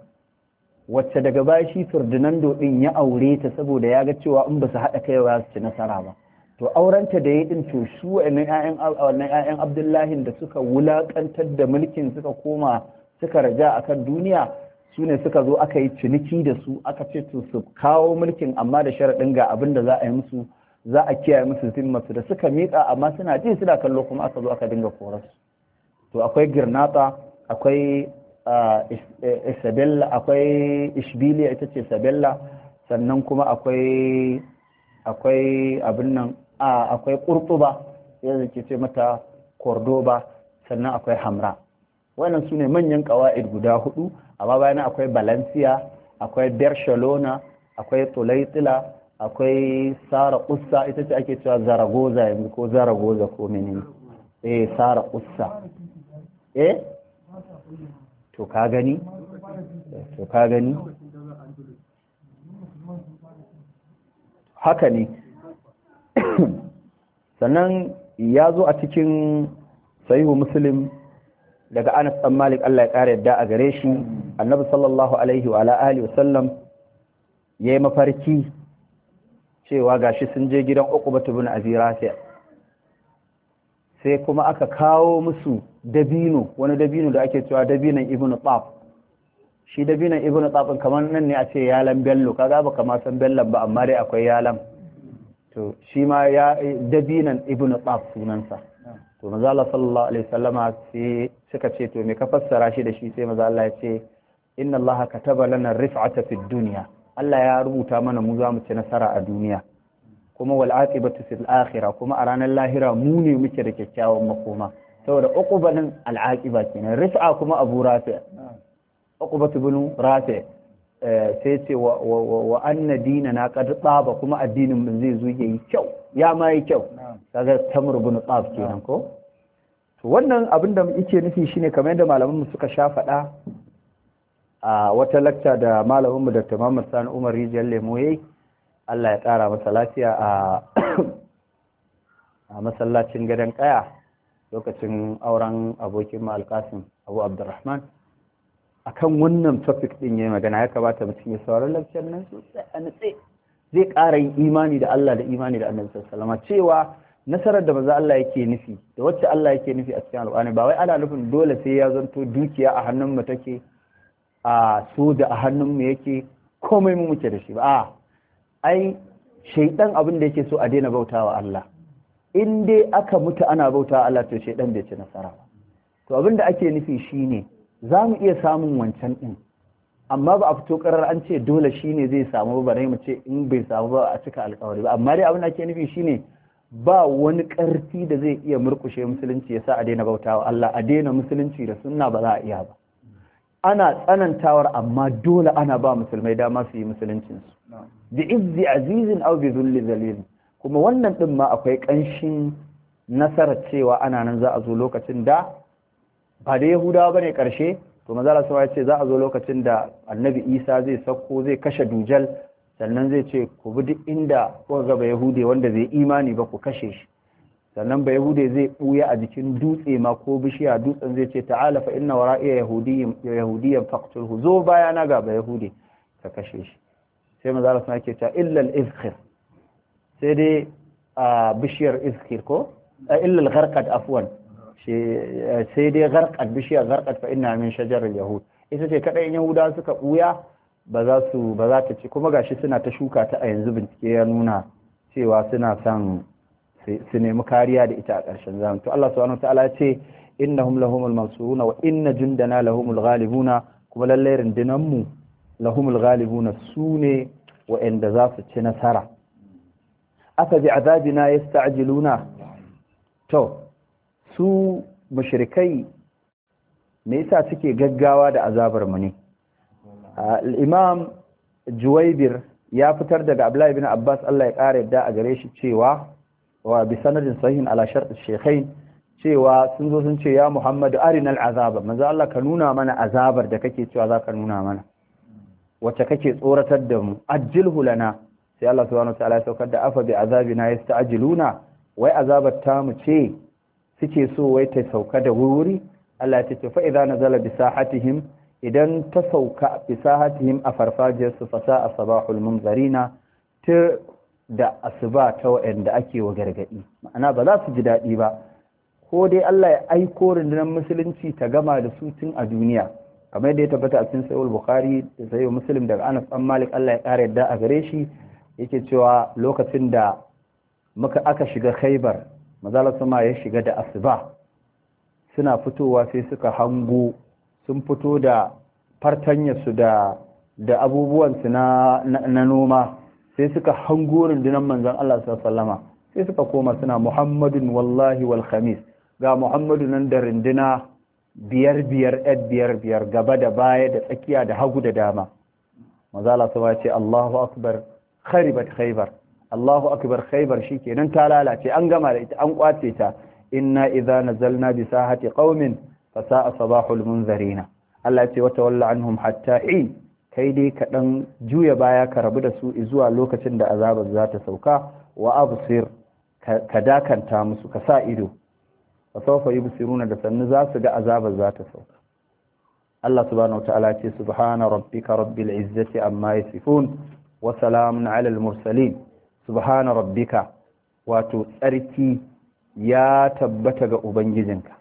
wacce daga bashi ferdinando din ya aure ta saboda ya ga cewa in ba su haɗa kai ba su ci nasara ba to aurenta da ya din to su wa'annan 'ya'yan Abdullahi da suka wulakantar da mulkin suka koma suka raja akan duniya sune suka zo aka yi ciniki da su aka ce to su kawo mulkin amma da sharaɗin ga abin da za a yi musu za a kiyaye musu zimmarsu da suka miƙa amma suna ji suna kallo kuma aka zo aka dinga korarsu to akwai girnata akwai uh, eh, isabella akwai ishbiliya ita ce isabella sannan kuma akwai akwai abin nan akwai ƙurtuba yanzu ke ce mata cordoba sannan akwai hamra wannan su ne manyan ƙawa'id guda hudu amma bayan akwai balansiya akwai barcelona akwai tulaitila akwai sara ƙusa ita ce ake cewa zaragoza yanzu ko zaragoza ko menene eh sara kussa eh to ka gani to ka gani haka ne sannan ya zo a cikin sahihu muslim daga anas dan malik Allah ya kare yadda a gare shi annabi sallallahu alaihi wa alihi wa sallam yayi mafarki cewa gashi sun je gidan ukubatu bin azira sai kuma aka kawo musu dabino wani dabino da ake cewa dabinan Ibn tsaf shi dabinan Ibn tsaf kamar nan ne a ce yalan bello kaga ba kamar san Bello ba amma dai akwai yalan to shi ma ya dabinan ibn tsaf sunansa to maza Allah sallallahu alaihi wasallama sai suka ce to me ka fassara shi da shi sai maza Allah ya ce inna Allah kataba lana rif'ata fid dunya Allah ya rubuta mana mu za mu ci nasara a duniya kuma wal aqibatu fil akhirah kuma a ranar lahira mu ne muke da kyakkyawan makoma saboda uqubanin al aqiba kenan rif'a kuma abu rafi uqubatu bin rafi Eh, sai ce wa anna dina na kad tsaba kuma addinin mun zai zo yayi kyau ya ma yi kyau kaga tamr bin tsaf kenan ko to wannan abin da yake nufi shine kamar yadda malaman mu suka sha faɗa a wata lakta da malamin mu Dr. Muhammad Sani Umar Rijal Lemo Allah ya tsara masa lafiya a a masallacin gadon kaya lokacin auren abokin mu Alkasim Abu Abdurrahman akan wannan topic din yayi magana ya kamata mutum ya saurari lafiyar nan sosai a nutse zai ƙara yin imani da Allah da imani da Annabi sallallahu alaihi cewa nasarar da maza Allah yake nufi da wacce Allah yake nufi a cikin alƙur'ani ba wai ana nufin dole sai ya zanto dukiya a hannun mu take a soja a hannun mu yake komai mu muke da shi ba a ai shaidan abin da yake so a daina bautawa Allah in dai aka mutu ana bautawa Allah to shaidan bai ci nasara ba to abin da ake nufi shine za mu iya samun wancan ɗin amma ba a fito ƙarar an ce dole shi ne zai samu ba bare mu ce in bai samu ba a cika alƙawari ba amma dai abin da ake nufi shine ba wani ƙarfi da zai iya murƙushe musulunci ya sa a daina bautawa Allah a daina musulunci da sunna ba za a iya ba ana tsanantawar amma dole ana ba musulmai dama su yi musuluncin su bi izzi azizin aw bi dhulli zalil kuma wannan din ma akwai ƙanshin nasarar cewa ana nan za a zo lokacin da ba da yahudawa ba ne ƙarshe, to manzala sama ya ce za a zo lokacin da annabi isa zai sauko zai kashe dujal sannan zai ce ku bi duk inda kuka ga ba yahude wanda zai imani ba ku kashe shi sannan ba yahude zai buya a jikin dutse ma ko bishiya dutsen zai ce ta'ala fa inna wara iya Yahudiyan faqtulhu zo baya na ga ba yahude ka kashe shi sai manzala sama ce ta illa al sai dai a bishiyar izkhir ko illa al-gharqad afwan sai dai garkat bishiyar garkat fa ina min shajarar yahud ita ce kaɗai yahuda suka buya ba za su ba za ta ci kuma gashi suna ta shuka ta a yanzu bincike ya nuna cewa suna son su nemi kariya da ita a ƙarshen zamani to Allah subhanahu ta'ala ya ce innahum lahumul mansuruna wa inna jundana lahumul ghalibuna kuma lalle rundunan mu lahumul ghalibuna sune wa'anda za su ci nasara aka bi azabina yasta'jiluna to su mushrikai me yasa suke gaggawa da azabar mu ne al-imam juwaybir ya fitar daga abdullahi ibn abbas Allah ya kare yadda a gare shi cewa wa bi sanadin sahihin ala shart ash-shaykhain cewa sun zo sun ce ya muhammadu al azaba manzo Allah ka nuna mana azabar da kake cewa za ka nuna mana wacce kake tsoratar da mu ajilhu lana sai Allah subhanahu ta'ala ya saukar da afa bi azabina yasta'jiluna wai azabar ta mu ce suke so wai ta sauka da wuri Allah ta ce fa'iza na zala bisahatihim idan ta sauka bisahatihim a su fasa a sabahul munzarina ta da asuba ta waɗanda ake wa gargaɗi ma'ana ba za su ji daɗi ba ko dai Allah ya aiko rundunar musulunci ta gama da su tun a duniya kamar yadda ya tabbata a cikin sayul bukhari da sayo muslim daga anas an malik Allah ya ƙara yadda a gare shi yake cewa lokacin da muka aka shiga khaibar mazala sama ya shiga da asuba suna fitowa sai suka hango sun fito da fartanyarsu da da abubuwansu na, na, noma sai suka hango rundunar manzan Allah sallama sai suka koma suna muhammadun wallahi wal khamis ga muhammadu nan da runduna biyar biyar ɗan biyar biyar gaba da baya da tsakiya da hagu da dama mazala sama ce Allahu akbar kharibat khaybar Allahu akbar khaybar shikenan ta lalace an gama da ita an kwace ta inna idza nazalna bi sahati qaumin fa sa'a sabahul munzarina Allah ce wata walla anhum hatta in kai dai ka dan juya baya ka rabu da su zuwa lokacin da azaba za ta sauka wa absir ka dakanta musu ka sa ido fa sawfa yubsiruna da sannu za su ga azaba za ta sauka Allah subhanahu wataala ce subhana rabbika rabbil izzati amma yasifun wa salamun alal mursalin subhana rabbika wato tsarki ya tabbata ga ubangijinka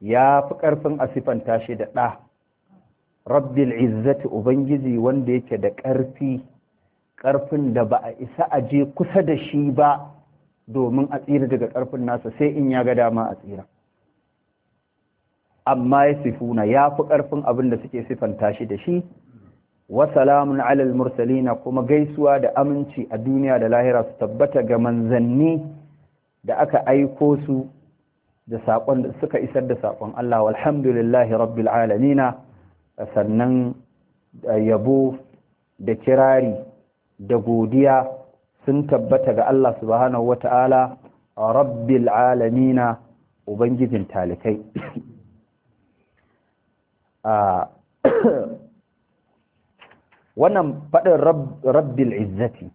ya fi ƙarfin a sifanta shi da ɗa rabbil izzati ubangiji wanda yake da ƙarfi ƙarfin da ba a isa a je kusa da shi ba domin a tsira daga ƙarfin nasa sai in ya ga dama a tsira amma ya sifuna ya fi ƙarfin abin da suke sifanta shi da shi wa salamun alal mursalina kuma gaisuwa da aminci a duniya da lahira su tabbata ga manzanni da aka aiko su da saƙon da suka isar da saƙon Allah walhamdulillahi rabbil alamina sannan yabo da kirari da godiya sun tabbata ga Allah subhanahu wata'ala rabbil alamina ubangijin talikai ah, wannan faɗin rabbil izzati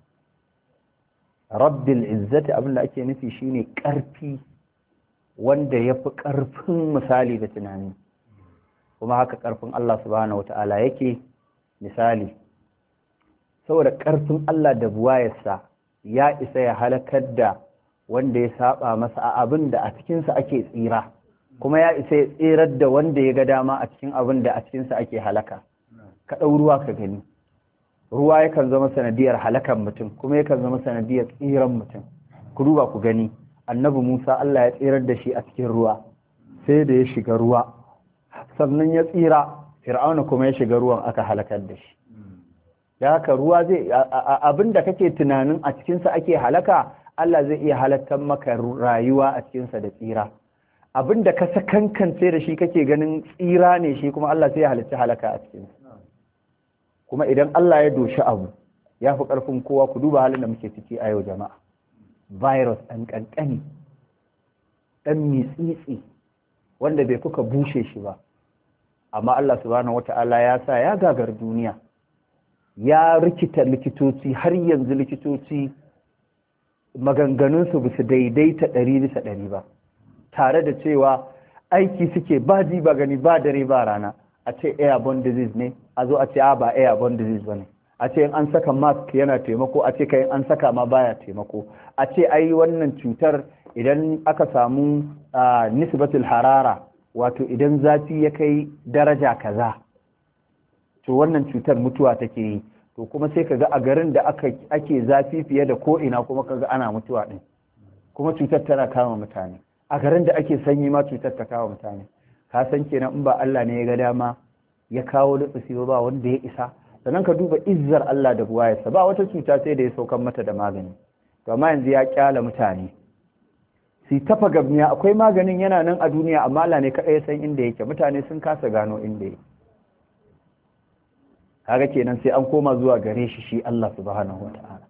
rabbil izzati abin da ake nufi shine ƙarfi wanda yafi fi ƙarfin misali da tunani kuma haka karfin Allah subhanahu wata'ala yake misali saboda karfin Allah da buwayarsa ya isa ya halakar da wanda ya saba masa a abin da a cikinsa ake tsira kuma ya isa ya tsirar da wanda ya ga dama a cikin abin da a cikinsa ake halaka ka ɗau ruwa ka gani ruwa yakan zama sanadiyar halakan mutum kuma yakan zama sanadiyar tsiran mutum ku duba ku gani annabi Musa Allah ya tsirar da shi a cikin ruwa sai da ya shiga ruwa sannan ya tsira fir'auna kuma ya shiga ruwan aka halakar da shi da haka ruwa zai abin da kake tunanin a cikinsa ake halaka Allah zai iya halattar maka rayuwa a cikinsa da tsira abin da ka sakankance da shi kake ganin tsira ne shi kuma Allah sai ya halitta halaka a cikinsa kuma idan Allah ya doshi abu ya fi ƙarfin kowa ku duba halin da muke ciki a yau jama'a virus ɗan ƙanƙani ɗan mitsitsi wanda bai kuka bushe shi ba amma Allah subhanahu wata'ala ya sa ya gagar duniya ya rikita likitoci har yanzu likitoci maganganunsu ba su daidaita ɗari bisa ɗari ba tare da cewa aiki suke ba ji ba gani ba dare ba rana a ce airborne disease ne a zo a ce ah, ba airborne disease ba ne a ce in an saka mask yana taimako a ce kai an saka ma baya taimako a ce ai wannan cutar idan aka samu nisbatul harara wato idan zafi ya kai daraja kaza to wannan cutar mutuwa take yi to kuma sai ka ga a garin da ake zafi fiye da ko ina kuma ga ana mutuwa din kuma cutar tana kama mutane a garin da ake sanyi ma cutar ta kama mutane ka san kenan in ba Allah ne ya ga dama ya kawo lutsusi ba wanda ya isa sannan ka duba izzar Allah da buwayarsa ba wata cuta sai da ya saukan mata da magani to amma yanzu ya kyala mutane Si tafa gabniya akwai maganin yana nan a duniya amma Allah ne kaɗai san inda yake mutane sun kasa gano inda yake kaga kenan sai an koma zuwa gare shi shi Allah subhanahu wata'ala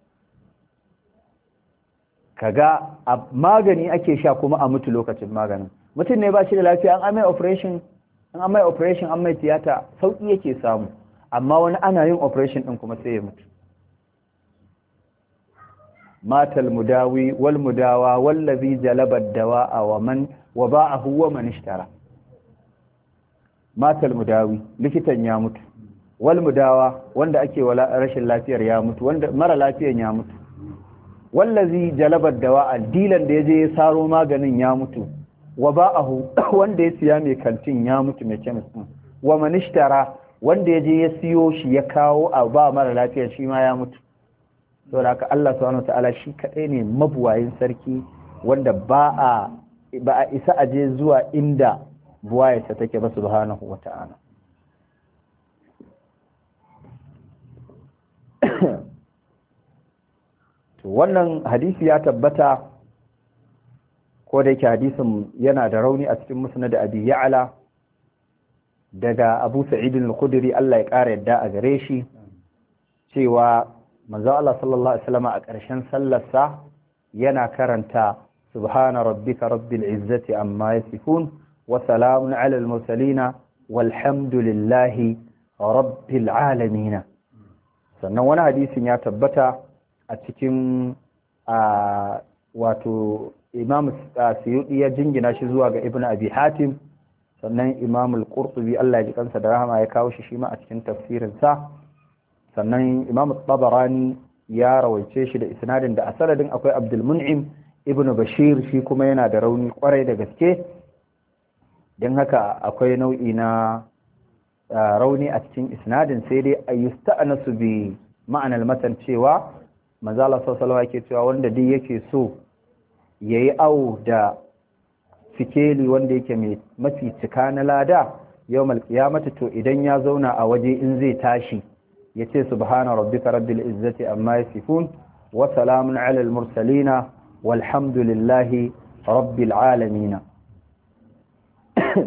kaga magani ake sha kuma a mutu lokacin maganin mutum ne ba shi da lafiya an amai operation an amai operation an mai tiyata sauƙi yake samu amma wani ana yin operation ɗin kuma sai ya mutu matal mudawi wal mudawa wallazi jalaba dawa'a wa man wa a huwa man ishtara matal mudawi likitan ya mutu wal mudawa wanda ake wala rashin lafiyar ya mutu wanda mara lafiyar ya mutu wallazi jalaba a dilan da je ya saro maganin ya mutu wa ba'ahu wanda ya siya mai kantin ya mutu mai kemis din wa manishtara wanda ya je ya siyo shi ya kawo a ba mara lafiya shi ma ya mutu saboda haka Allah subhanahu ta'ala shi kadai ne mabuwayin sarki wanda ba a ba a isa aje zuwa inda buwayarsa take ba subhanahu wata'ala to wannan hadisi ya tabbata ko da yake hadisin yana da rauni a cikin musnad abi ya'la daga abu sa'id al-khudri Allah ya kara yadda a gare shi cewa manzo Allah sallallahu alaihi wasallam a ƙarshen sa yana karanta subhana rabbika rabbil izzati amma yasifun wa salamun ala al-mursalin walhamdulillahi rabbil alamin sannan wani hadisin ya tabbata a cikin wato imam uh, suyuɗi ya jingina shi zuwa ga ibn abi hatim sannan imam al-qurtubi Allah ya ji kansa da rahama ya kawo shi shi ma a cikin tafsirinsa sannan imam tabarani ya rawaice shi da isnadin da asaladin akwai abdul mun'im ibn bashir shi kuma yana da rauni kwarai da gaske don haka akwai nau'i na uh, rauni a cikin isnadin sai dai a bi ma'anar matan cewa manzala sau salawa yake cewa wanda duk yake so ya yi awo da fikeli wanda yake mafi cika na lada yau malkiyamata to idan ya zauna a waje in zai tashi ya ce subhana rabbika rabbil izzati amma yasifun wa salamun alal mursalina walhamdulillahi rabbil alamina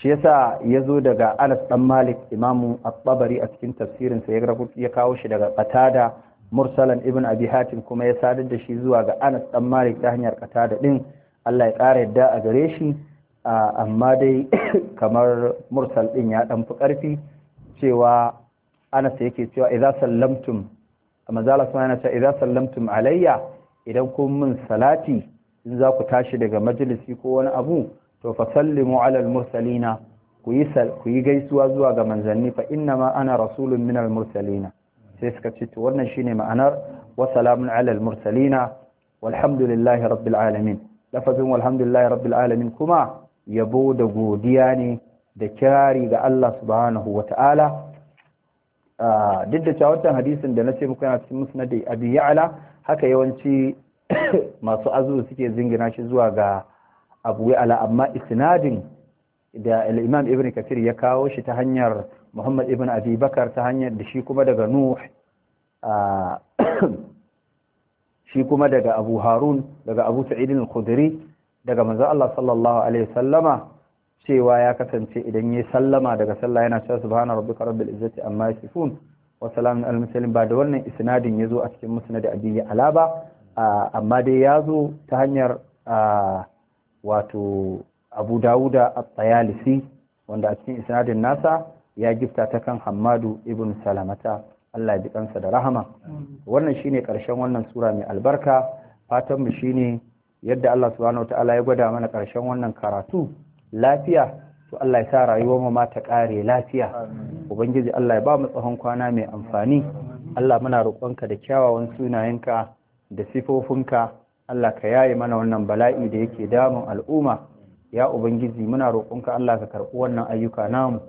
shi yasa ya zo daga anas dan malik imamu at-tabari a cikin tafsirin sa ya kawo shi daga qatada mursalan ibn abi hatim kuma ya sadar da shi zuwa ga anas dan malik ta hanyar kata da din Allah ya ƙara yadda a gare shi amma dai kamar mursal din ya dan fi karfi cewa anas yake cewa idza sallamtum manzala yana cewa idza sallamtum alayya idan kun min salati in za ku tashi daga majalisi ko wani abu to fa sallimu ala al-mursalina ku yi gaisuwa zuwa ga manzanni fa inna ma ana rasulun min mursalina sai suka ce to wannan shine ma'anar wa salamun alal mursalina walhamdulillahi rabbil alamin lafazin walhamdulillahi rabbil alamin kuma yabo da godiya ne da kirari ga Allah subhanahu wata'ala duk da cewa hadisin da na ce muku yana cikin musnad abi ya'la haka yawanci masu azuru suke zingina shi zuwa ga abu ya'la amma isnadin da al-imam ibn kathir ya kawo shi ta hanyar muhammad ibn abi bakar ta hanyar da shi kuma daga nuh shi kuma daga abu harun daga abu sa'idin al-khudri daga manzo Allah sallallahu alaihi wasallama cewa ya kasance idan yayi sallama daga sallah yana cewa subhana rabbika rabbil izzati amma yasifun wa salamun al muslimin ba da wannan isnadin yazo a cikin musnad abi alaba amma dai yazo ta hanyar wato Abu Dawuda at-Tayalisi wanda a cikin isnadin nasa ya gifta ta kan Hammadu ibn Salamata Allah ji kansa da rahama wannan shine karshen wannan sura mai albarka Fatanmu mu shine yadda Allah subhanahu wataala ya gwada mana karshen wannan karatu lafiya to Allah ya sa rayuwar mu ma ta kare lafiya ubangiji Allah ya ba mu tsahon kwana mai amfani Allah muna roƙonka da kyawawan sunayenka da sifofinka Allah ka yaye mana wannan bala'i da yake damun al'umma ya ubangiji muna roƙonka Allah ka karɓi wannan ayyuka namu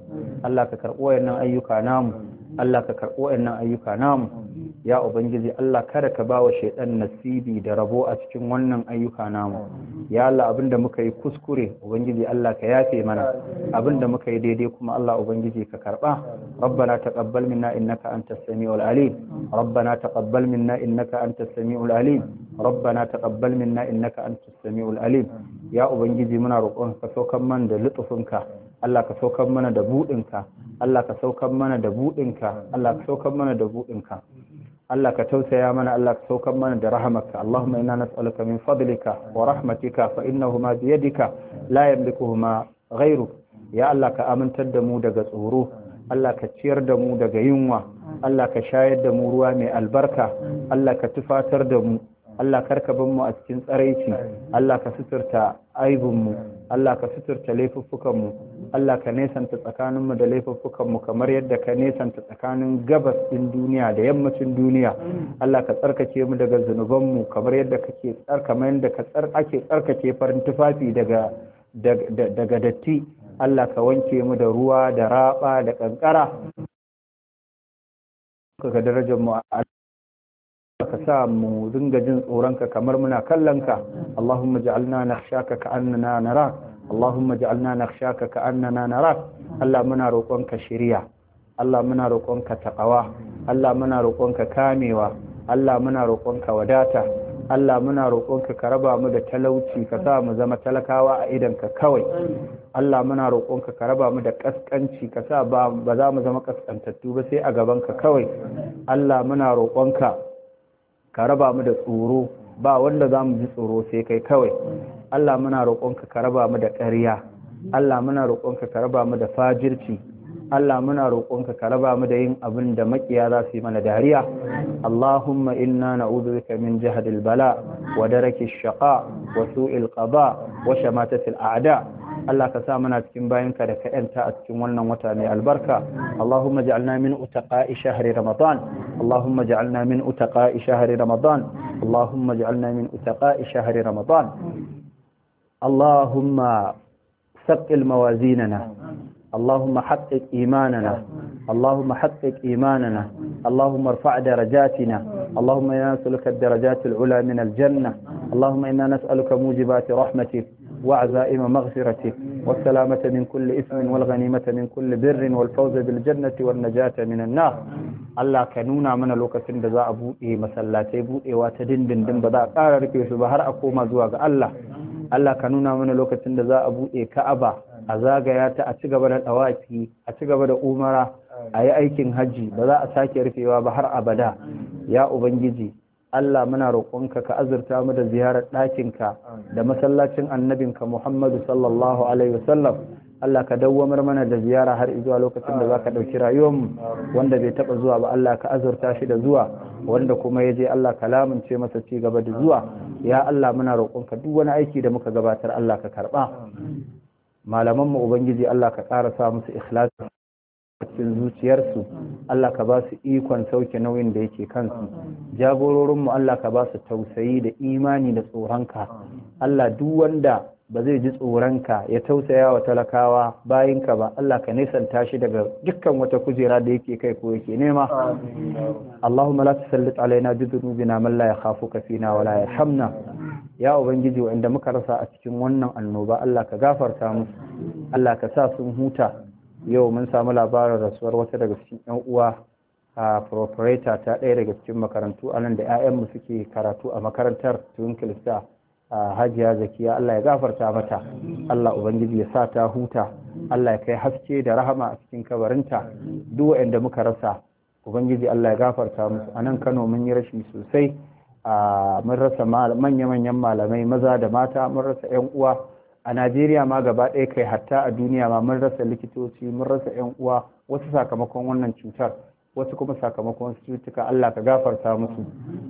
Allah ka karɓi wannan ayyuka namu Allah ka karɓo wayannan ayyuka namu ya ubangiji Allah kada ka bawa shaiɗan nasibi da rabo a cikin wannan ayyuka namu ya Allah abinda muka yi kuskure ubangiji Allah ka yafe mana abinda muka yi daidai kuma Allah ubangiji ka karɓa rabbana taqabbal minna innaka antas samiul alim rabbana taqabbal minna innaka antas samiul alim rabbana taqabbal minna innaka antas samiul alim ya ubangiji muna roƙon ka saukan man da lutufinka Allah ka saukar mana da buɗinka Allah ka saukar mana da buɗinka Allah ka saukar mana da buɗinka Allah ka tausaya mana Allah ka saukar mana da rahamarka Allahumma inna nas'aluka min fadlika wa rahmatika fa innahuma bi yadika la yamlikuhuma ghayruk ya Allah ka amintar da mu daga tsoro Allah ka ciyar da mu daga yunwa Allah ka shayar da mu ruwa mai albarka Allah ka tufatar da mu Allah karka ban mu a cikin tsaraici Allah ka suturta aibinmu Allah ka suturta laifuffukanmu Allah ka nesanta tsakaninmu da laifuffukanmu kamar yadda ka nesanta tsakanin gabas ɗin duniya da yammacin duniya Allah ka tsarkake mu daga zunubanmu kamar yadda kake tsarkama yadda ka ake tsarkake farin tufafi daga datti Allah ka wanke mu da ruwa da raba da kankara ka darajar mu ka sa mu dinga jin tsoronka kamar muna kallonka Allahumma ja'alna nakhshaka ka'annana nara Allahumma ja'alna nakhshaka ka'annana nara Allah muna roƙonka shiriya Allah muna roƙonka taqawa Allah muna roƙonka kamewa Allah muna roƙonka wadata Allah muna roƙonka ka raba mu da talauci ka sa mu zama talakawa a idanka kawai Allah muna roƙonka ka raba mu da ƙasƙanci ka sa ba za mu zama ƙasƙantattu ba sai a gabanka kawai Allah muna roƙonka ka raba mu da tsoro ba wanda za mu ji tsoro sai kai kawai Allah muna roƙonka ka raba mu da ƙarya Allah muna roƙonka ka raba mu da fajirci Allah muna roƙonka ka raba mu da yin abin da makiya za su yi mana dariya Allahumma inna na'udhu bika min jahdil bala wa daraki shaqa wa su'il qada wa shamatatil a'da Allah ka sa muna cikin bayanka da ka yanta a cikin wannan wata mai albarka Allahumma ja'alna min utaqa'i shahri ramadan Allahumma ja'alna min utaqa'i shahri ramadan Allahumma ja'alna min utaqa'i shahri ramadan Allahumma ثقل موازيننا اللهم حقق إيماننا اللهم حقق إيماننا اللهم ارفع درجاتنا اللهم إنا نسألك الدرجات العلى من الجنة اللهم إنا نسألك موجبات رحمتك وعزائم مغفرتك والسلامة من كل إثم والغنيمة من كل بر والفوز بالجنة والنجاة من النار Allah ka nuna mana lokacin da za a buɗe masallatai buɗewa ta dindindin ba za a ƙara rufe su ba har a koma zuwa ga Allah Allah ka nuna mana lokacin da za a buɗe Ka'aba a zagaya ta a cigaba da ɗawaki a cigaba da umara a yi aikin hajji ba za a sake rufewa ba har abada ya ubangiji Allah muna roƙonka ka azurta mu da ziyarar ɗakinka da masallacin annabinka Muhammadu sallallahu alaihi wasallam Allah ka dawwamar mana da ziyara har zuwa lokacin da zaka ka ɗauki rayuwarmu wanda bai taɓa zuwa ba Allah ka azurta shi da zuwa wanda kuma ya je Allah ka lamunce masa ci gaba da zuwa ya Allah muna roƙonka duk wani aiki da muka gabatar Allah ka malaman malamanmu Ubangiji Allah ka ƙara sa musu ikhlasi cikin zuciyarsu Allah ka ba su ikon sauke nauyin da yake kansu jagororinmu Allah ka ba su tausayi da imani da tsoronka Allah duk wanda ba zai ji tsoronka ya tausaya wa talakawa bayinka ba Allah ka nisanta shi daga dukkan wata kujera da yake kai ko yake nema Allahumma la tusallit alaina bi dhunubina man la yakhafuka fina wa la yarhamna ya ubangiji inda muka rasa a cikin wannan annoba Allah ka gafarta musu Allah ka sa sun huta yau mun samu labarin rasuwar wata daga cikin yan uwa a proprieta ta ɗaya daga cikin makarantu anan da 'ya'yan mu suke karatu a makarantar tun kilista a hajiya zakiya Allah ya gafarta mata Allah ubangiji ya sa ta huta Allah ya kai haske da rahama a cikin kabarinta duk waɗanda muka rasa ubangiji Allah ya gafarta musu a nan Kano mun yi rashin sosai mun rasa manya-manyan malamai maza da mata mun rasa 'yan uwa a najeriya ma gaba ɗaya kai hatta a duniya ma mun rasa likitoci mun rasa yan uwa wasu sakamakon wannan cutar wasu kuma sakamakon cutuka Allah ka gafarta musu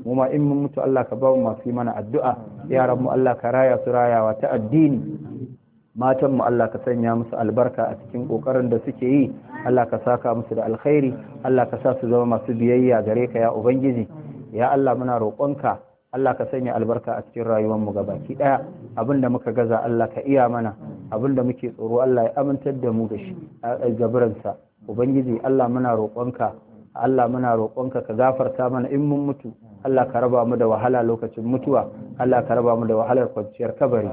mu ma in mun mutu Allah ka ba mu masu mana addu'a yaran mu Allah ka raya su rayawa ta addini matan mu Allah ka sanya musu albarka a cikin kokarin da suke yi Allah ka saka musu da alkhairi Allah ka sa su zama masu biyayya gare ka ya ubangiji ya Allah muna roƙonka Allah ka sanya albarka a cikin rayuwar mu ɗaya. daya da muka gaza Allah ka iya mana da muke tsoro Allah ya amintar da mu da shi a ubangiji Allah muna roƙonka Allah muna roƙonka ka gafarta mana in mun mutu Allah ka raba mu da wahala lokacin mutuwa Allah ka raba mu da wahalar kwanciyar kabari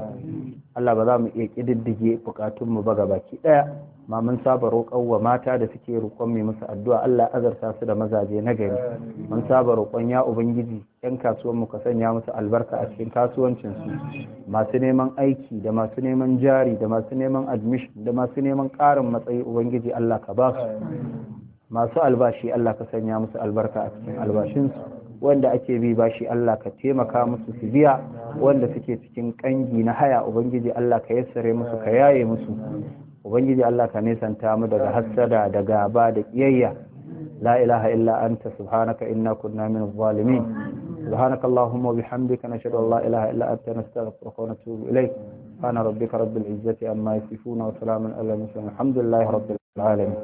Allah ba za mu iya ƙididdige mu ba gabaki ɗaya ma mun saba roƙon wa mata da suke roƙon mai musu addu'a Allah azarta su da mazaje na gari mun saba roƙon ya ubangiji yan kasuwan mu ka sanya musu albarka a cikin kasuwancin su masu neman aiki da masu neman jari da masu neman admission da masu neman ƙarin matsayi ubangiji Allah ka ba su masu albashi Allah ka sanya musu albarka a cikin albashinsu wanda ake bi bashi Allah ka taimaka musu su biya wanda suke cikin kangi na haya ubangiji Allah ka yassare musu ka yaye musu ubangiji Allah ka nesanta mu daga hassada da gaba da kiyayya la ilaha illa anta subhanaka inna kunna min zalimin سبحانك اللهم وبحمدك نشهد ان لا اله الا انت نستغفرك ونتوب اليك سبحان ربك رب العزه عما يصفون وسلام على المرسلين الحمد لله رب العالمين